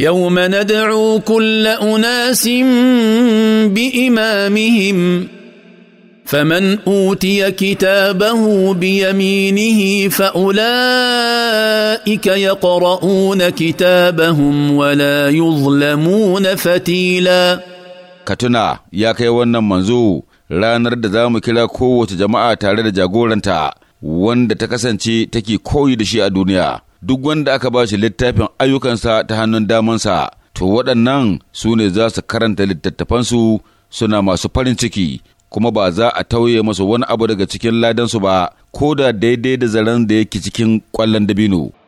يوم ندعو كل اناس بامامهم فمن اوتي كتابه بيمينه فاولئك يقرؤون كتابهم ولا يظلمون فتيلا كتنا يا كي wannan manzo ranar da za mu kira kowace jama'a tare da jagoranta wanda ta kasance take koyi da shi a duniya duk wanda aka ba shi littafin ayyukansa ta hannun damansa, to waɗannan su ne za su karanta littattafansu suna masu farin ciki, kuma ba za a tauye masu wani abu daga cikin ladansu ba, ko da daidai da zaren da yake cikin ƙwallon dabino.